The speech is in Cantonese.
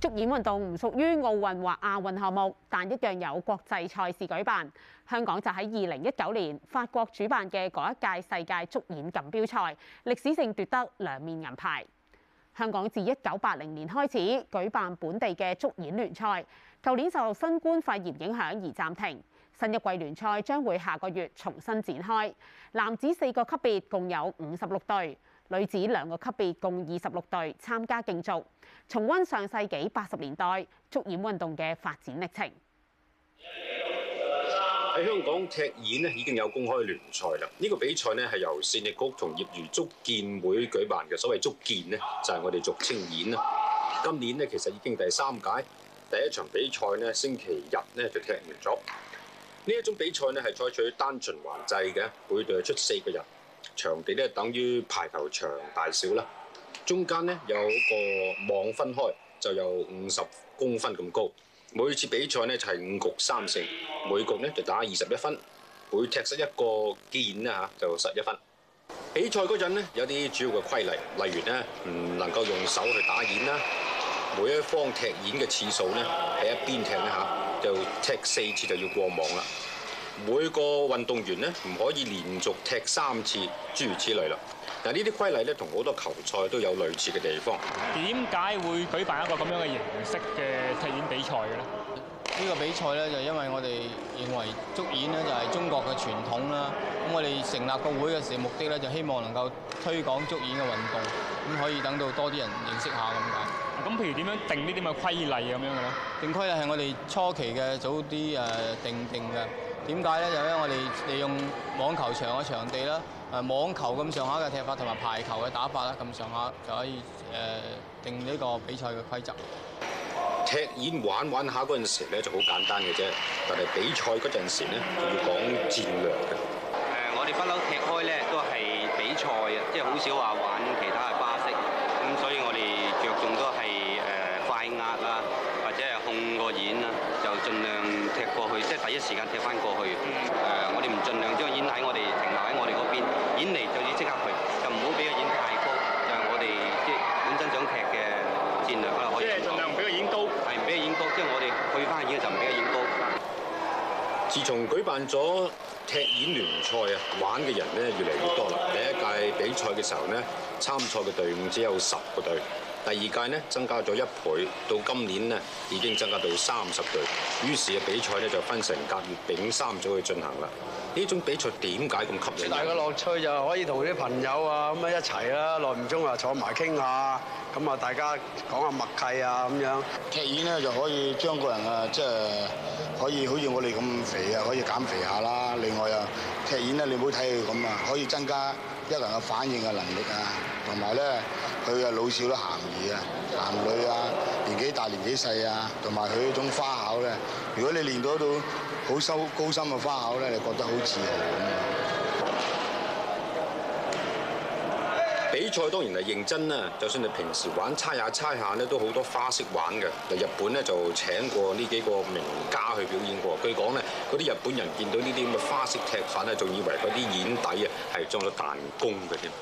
足毽運動唔屬於奧運或亞運項目，但一樣有國際賽事舉辦。香港就喺二零一九年法國主辦嘅嗰一屆世界足毽錦標賽，歷史性奪得兩面銀牌。香港自一九八零年開始舉辦本地嘅足毽聯賽，舊年受新冠肺炎影響而暫停，新一季聯賽將會下個月重新展開。男子四個級別共有五十六隊。女子兩個級別共二十六隊參加競逐，重溫上世紀八十年代足毽運動嘅發展歷程。喺香港踢毽咧已經有公開聯賽啦，呢個比賽咧係由善益局同業餘足毽會舉辦嘅，所謂足毽咧就係我哋俗稱毽啦。今年咧其實已經第三屆，第一場比賽咧星期日咧就踢完咗。呢一種比賽咧係採取單循環制嘅，每隊係出四個人。場地咧等於排球場大小啦，中間咧有個網分開，就有五十公分咁高。每次比賽咧就係五局三勝，4，每局咧就打二十一分，每踢失一個毽啦嚇就失一分。比賽嗰陣咧有啲主要嘅規例，例如咧唔能夠用手去打毽啦，每一方踢毽嘅次數咧喺一邊踢啦就踢四次就要過網啦。每個運動員咧唔可以連續踢三次諸如此類啦。嗱，呢啲規例咧，同好多球賽都有類似嘅地方。點解會舉辦一個咁樣嘅形式嘅踢毽比賽嘅咧？呢個比賽咧就因為我哋認為足毽咧就係中國嘅傳統啦。咁我哋成立個會嘅時候目的咧就希望能夠推廣足毽嘅運動，咁可以等到多啲人認識下咁解。咁譬如點樣定呢啲咁嘅規例咁樣嘅咧？定規例係我哋初期嘅早啲誒定定嘅。點解咧？就因為我哋利用網球場嘅場地啦，誒網球咁上下嘅踢法同埋排球嘅打法啦，咁上下就可以誒定呢個比賽嘅規則。踢毽玩玩下嗰陣時咧就好簡單嘅啫，但係比賽嗰陣時就要講戰略嘅。誒，我哋不嬲踢開咧都係比賽啊，即係好少話玩其他嘅花式。咁所以我哋着重都係誒快壓啊，或者係控個毽啊。過去即係第一時間踢翻過去，誒，我哋唔盡量將毽喺我哋停留喺我哋嗰邊，毽嚟就要即刻去，就唔好俾個毽太高，就係我哋即本身想踢嘅戰略啦，可能可以。即係盡量唔俾個毽高，係唔俾個毽高，即係我哋去翻毽就唔俾個毽高。自從舉辦咗踢毽聯賽啊，玩嘅人咧越嚟越多啦。第一屆比賽嘅時候咧，參賽嘅隊伍只有十個隊。第二屆咧增加咗一倍，到今年咧已經增加到三十隊。於是嘅比賽咧就分成甲、乙、丙三組去進行啦。呢種比賽點解咁吸引？大家嘅樂趣就可以同啲朋友啊咁啊一齊啦，耐唔中啊坐埋傾下，咁啊大家講下默契啊咁樣。踢毽咧就可以將個人啊即係可以好似我哋咁肥啊，可以減肥下啦。另外啊，踢毽咧你唔好睇佢咁啊，可以增加。一個人嘅反應嘅能力啊，同埋咧，佢嘅老少都咸宜啊，男女啊，年紀大年紀細啊，同埋佢嗰種花巧咧，如果你練到一套好深高深嘅花巧咧，你覺得好自豪咁啊！比賽當然係認真啦，就算你平時玩猜下猜下咧，都好多花式玩嘅。日本咧就請過呢幾個名家去表演過，據講咧嗰啲日本人見到呢啲咁嘅花式踢法咧，仲以為嗰啲掩底啊係裝咗彈弓嘅添。